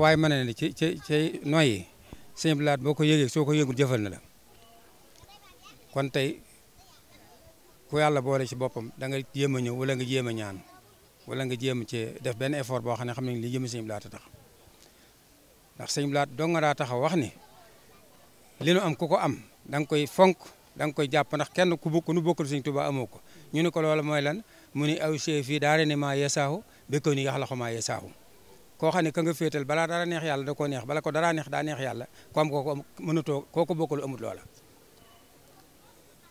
waaye mën ne ci ci ci noyyi sëñ bi boo ko yëgee soo ko yëgul jëfal na la kon tey ku yàlla boole ci boppam da nga jéem a ñëw wala nga jéem a ñaan wala nga jéem cee def benn effort boo xam ne xam nañ li jëm sëñ bi tax ndax sëñ bi laat dong daa taxaw wax ni li nu am ku ko am da koy fonk da koy jàpp ndax kenn ku bokk nu bokkul sëñ Tuubaa amoo ko ñu ne ko lool mooy lan mu ni aw chef fii daare ne maa yee saahu békkoon ni yax la ko maa yee koo xam ne ka nga féetal balaa dara neex yàlla da koo neex bala ko daraa neex daa neex yàlla ko am kooku mënatoo kooku bokkul amut loola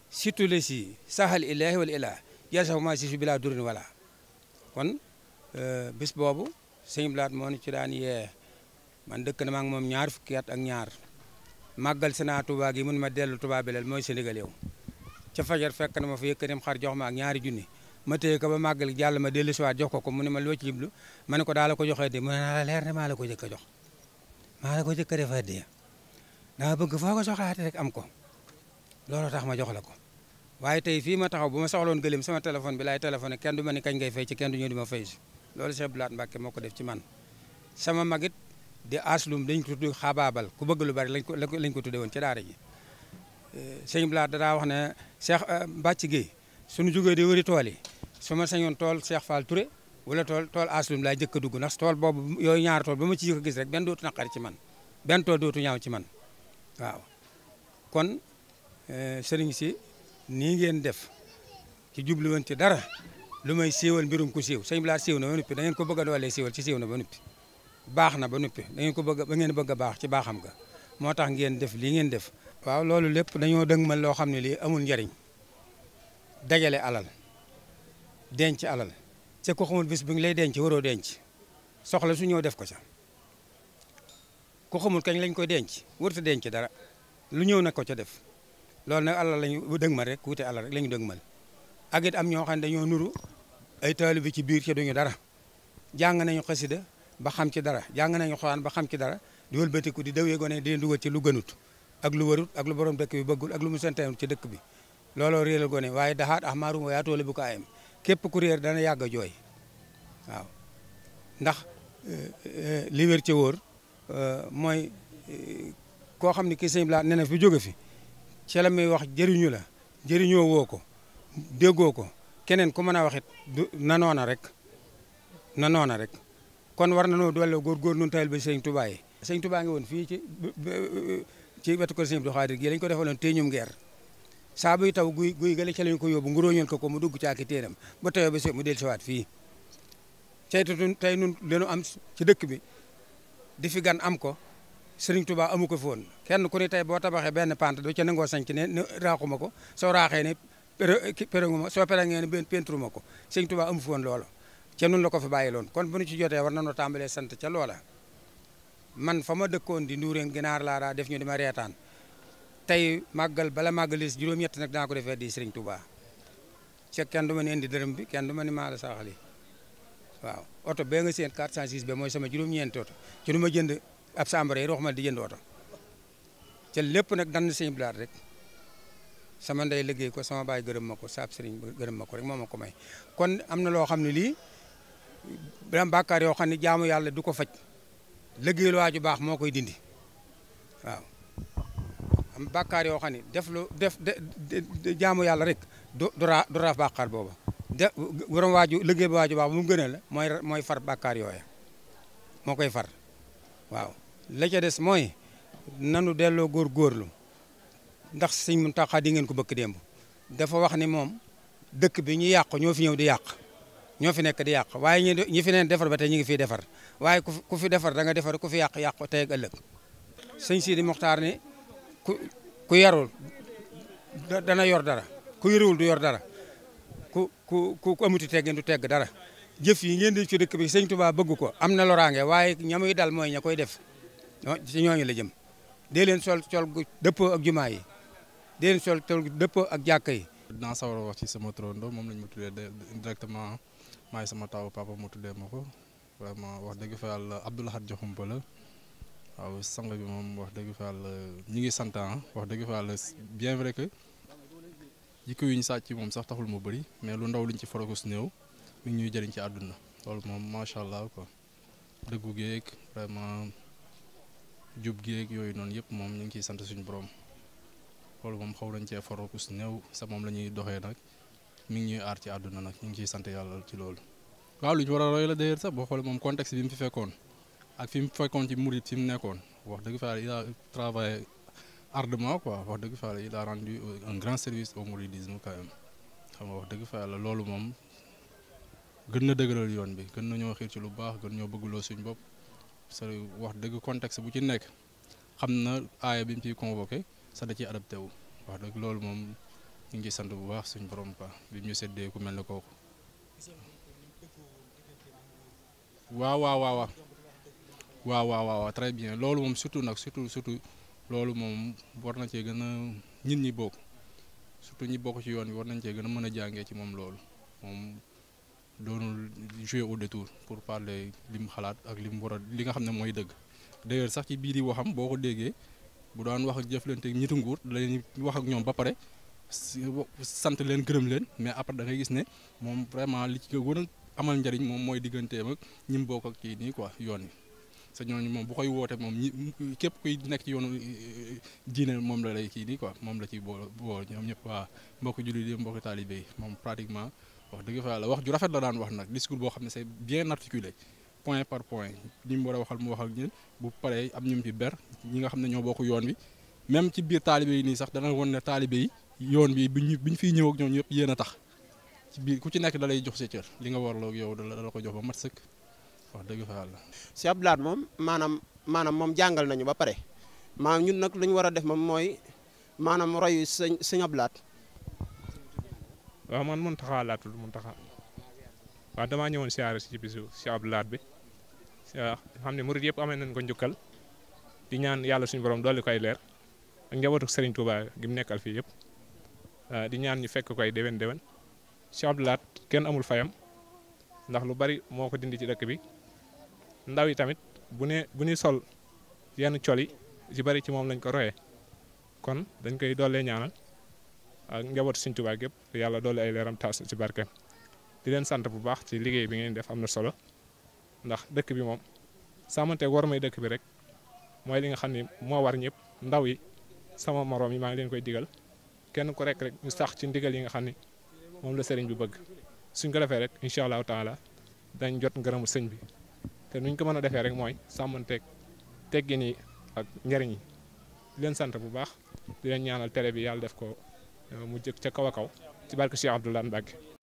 surtout les si sahal ilahi wala ilah jarsafu ma sisu bilaa durin wala kon euh, bis boobu sëñ Blaat moo ni ci daan yee man dëkk na ma moom ñaar fukki at ak ñaar màggal si naa Tuubaa gi mun ma dellu Tuubaa beleel mooy Sénégal yow ca fajar fekk na ma fa yëkkatim xar jox ma ak ñaari junni ma téye ko ba màggal jàll ma dellu si waat jox ko ko mu ne ma loo ci jublu ma ne ko daal la ko jox de mu ne la leer ne maa la ko jëkk jox maa la ko jëkk a defee de daa bëgg foo ko soxlaate rek am ko loolu tax ma jox la ko waaye tey fii ma taxaw bu ma soxloon gëlim sama téléphone bi laay téléphoné kenn du ma ne kañ gay fay ci kenn du ñëw di ma fay si loolu Cheikh Blaat Mbacke moo ko def ci man sama magit di aslum dañ ko tudd xabaabal ku bëgg lu bari lañ ko lañ ko tuddee woon ci daara ji eh, sëñ Blaat danaa wax ne Cheikh eh, Mbacke Gueye suñu jógee di wëri tool yi su ma sañoon tool Cheikh Fall Touré wala tool tool aslum laa jëkk a dugg ndax tool boobu yooyu ñaar tool ba ma ci jëkk a gis rek benn dootu naqari ci man benn tool dootu ñaaw ci man waaw kon eh, sëriñ si nii ngeen def ci jubluwoon ci dara lu may siiwal mbirum ku siiw sëñ bi laa siiw na ba noppi da ko bëgg doolee siiwal ci siiw na ba noppi baax na ba noppi da ngeen ko bëgg ba ngeen bëgg a baax ci baaxam ga moo tax ngeen def lii ngeen def waaw loolu lépp dañoo dëgmal loo xam ne lii amul njariñ dajale alal denc alal ca ko xamul bis bi ngi lay dence waroo denc soxla su ñëw def ko ca ko xamul kañ lañ koy denc warta denc dara lu ñëw na ko ca def loolu nag alal lañu dëgmal rek wute alal rek la ñu dëgmal ak it am ñoo xam ne dañoo nuru ay taalibe ci biir ca duñu dara jàng nañu xasida ba xam ci dara jàng nañu xoraan ba xam ci dara di wëlbatiku di dawee gone di leen dugal ci lu gënut ak lu warut ak lu borom dëkk bi bëggul ak lu mu santeewul ci dëkk bi looloo réeral gone waaye daxaat ax maaruma yaa toole képp ku réer dana yàgg jooy waaw ndax eh, eh, li wér ca eh, mooy koo xam ni ki sëñ Blaat nee na fi jóge fi ci la wax jëriñu la jëriñoo woo ko déggoo ko keneen ku mën a waxit du na noona rek na noona rek kon war na noo doole góorgóor nun tayal ba sëñ Touba yi sëñ Touba ngi woon fii ci ci wetu ko sëñ Abdou Khadir gi lañ ko defaloon téeñum ngeer saa yi taw guy guy gële ca lañ ko yóbbu nguróoñoon ko ko mu dugg caaki téeram ba tayoo ba se mu del siwaat fii ceytutun tey nun lenu am ci dëkk bi di fi gan am ko Sëriñ Tuubaa amu ko foon kenn ku ne boo tabaxee benn pante do ca nangoo sañ ne ne raaxuma ko soo raaxee ne péréguma soo pérégee ne benn ko Sëriñ amu foon loola ca nun la ko fi bàyyi loon kon bu ñu ci jotee war na nañoo tàmbalee sant ca loola man fa ma dëkkoon di nduureen ginaar laaraa def ñu di ma reetaan tey màggal bala màggalis juróom-ñett nag daa ko defee di Serigne Touba ce kenn du ma ni indi dërëm kenn du ma ni maa la saaxali waaw oto bee nga seen 406 be mooy sama juróom-ñeenti oto ci lu ma jënd ab sambare yi wax ma di jënd oto ca lépp nag dann sëñ blaat rek sama ndey liggéey ko sama baay gërëm ma ko saab Serigne gërëm ma ko rek moo ma ko may kon am na loo xam ne lii bilam bàkkaar yoo xam ne jaamu yàlla du ko faj liggéeyal waaju baax moo koy dindi am bàkkaar yoo xam ne def lu def jaamu yàlla rek du du raaf bàkkaar booba de borom waaju liggéey ba waaju baax mu gën a la mooy mooy far bàkkaar yooya moo koy far waaw la ca des mooy nanu delloo góor góorlu ndax sëñ Muntaxa di ngeen ko bëkk démb dafa wax ni moom dëkk bi ñu yàq ñoo fi ñëw di yàq ñoo fi nekk di yàq waaye ñi fi neen defar ba tey ñu ngi fiy defar waaye ku fi defar da nga defar ku fi yàq yàq tey ak ëllëg sëñ Sidi Moxtaar ni ku ku yarul dana yor dara ku yorewul du yor dara ku ku ku amuti teggin du tegg dara jëf yi ngeen di ci dëkk bi sëñ Tuubaa bëgg ko am na loraange waaye ñamuy dal mooy ña koy def ci ñooñu la jëm dee leen sol sol gu dëppoo ak jumaa yi dee sol sol gu dëppoo ak jàkk yi dinaa sawar a wax ci sama turando moom lañ ma tuddee directement maay sama taw papa mu tuddee ma ko vraiment wax dëgg fa yàlla Abdoulahat Joxumpa la waaw sang bi moom wax dëgg fa yàlla ñu ngi sant ah, wax dëgg fa yàlla bien vrai que jikko yu ñu sàcc moom sax taxul mu bëri mais lu ndaw liñ ci forogus néew mi ngi ñuy jëriñ ci àdduna loolu moom macha allah ko dëggu géeg vraiment jub géeg yooyu noonu yëpp moom ñu ngi ciy sant suñu borom loolu moom xaw nañ cee forogus néew sa moom la ñuy doxee nag mu ngi ñuy aar ci àdduna nag ñu ngi ciy sant yàlla ci loolu. waaw lu ñu war a roy sax boo xoolee moom contexte bi mu fi fekkoon. ak fi mu fekkoon ci murit fi mu nekkoon wax dëgg fa il a travaillé ardemment quoi wax dëgg fa il a rendu un grand service au mouridisme quand même xam nga wax dëgg fa la loolu moom gën na dëgëral yoon bi gën nañoo xiir ci lu baax gën ñoo bëgguloo suñ bopp sa wax dëgg contexte bu ci nekk xam na aaya bi mu ciy convoqué sa da ciy adapté wu wax dëgg loolu moom ñu ngi sant bu baax suñ boroom quoi bi ñu seddee ku mel ne kooku waaw waaw waaw waaw waaw waaw très bien loolu moom surtout nag surtout surtout loolu moom war na cee gën a nit ñi bokk surtout ñi bokk ci yoon bi war nañ cee gën a mën a jàngee ci moom loolu moom doonul jouer au détour pour parler li mu xalaat ak li mu war li nga xam ne mooy dëgg d'ailleurs sax ci biir yi waxam boo ko déggee bu daan wax ak jëflante ak ñitu wax ak ñoom ba pare sant leen gërëm leen mais après da gis ne moom vraiment li ci gën a amal njariñ moom mooy digganteem ak ñi mu kii nii quoi yoon yi sa ñooñu moom bu koy woote moom ñi képp kuy nekk ci yoonu eh, eh, diine moom la lay kii nii quoi moom la ci boo boo ñoom ñëpp waa mbokk jullit yi mbokk taalibe yi moom pratiquement wax dëgg fa yàlla wax ju rafet la daan wax nag discours boo xam ne c'est bien articulé point par point ñi mu war a waxal mu wax ak ñun bu paree am ñu ci ber ñi nga xam ne ñoo bokk yoon bi même ci biir taalibe yi nii sax dana woon ne taalibe yi yoon bi bi ñu bi ñu fiy ñëw ak ñoom ñëpp yéen a tax ci biir ku ci nekk da lay jox sa cër li nga warloo ak yow da la ko jox ba mat sëkk. wax dëgg fa yàlla. moom maanaam maanaam moom jàngal nañu ba pare maa ñun nag lu ñu war a def moom mooy maanaam royu sëñ sëñ Abdoulaat. waaw man Muntaxa laa tudd Muntaxa waaw damaa ñëwoon siyaare si bi xam ne murid yëpp amee nañ ko njukkal di ñaan yàlla suñu borom dolli koy leer ak njabootu Serigne Touba gi mu nekkal fii yëpp di ñaan ñu fekk ko ay déwén déwén Cheikh Abdou kenn amul fayam ndax lu bari moo ko dindi ci dëkk bi. ndaw yi tamit bu ne bu ñuy sol yenn col yi ci bari ci moom lañ ko royee kon dañ koy doolee ñaanal ak njabootu Sëriñ Tuubaa gépp yàlla doole ay leeram taas ci barke di leen sant bu baax ci liggéey bi ngeen def am na solo ndax dëkk bi moom sàmmante war may dëkk bi rek mooy li nga xam ne moo war ñëpp ndaw yi sama moroom yi maa ngi leen koy digal kenn ku rek ñu sax ci ndigal yi nga xam ne moom la sëriñ bi bëgg suñ ko defee rek incha allahu taala dañ jot ngërëmu sëñ bi te nuñ ko mën a defee rek mooy sàmmanteeg teggin yi ak njariñ yi di leen sant bu baax di leen ñaanal télé bi yàlla def ko eh, mu jëkk ca kaw a kaw ci barke Cheikh Abdoulaye Mbacke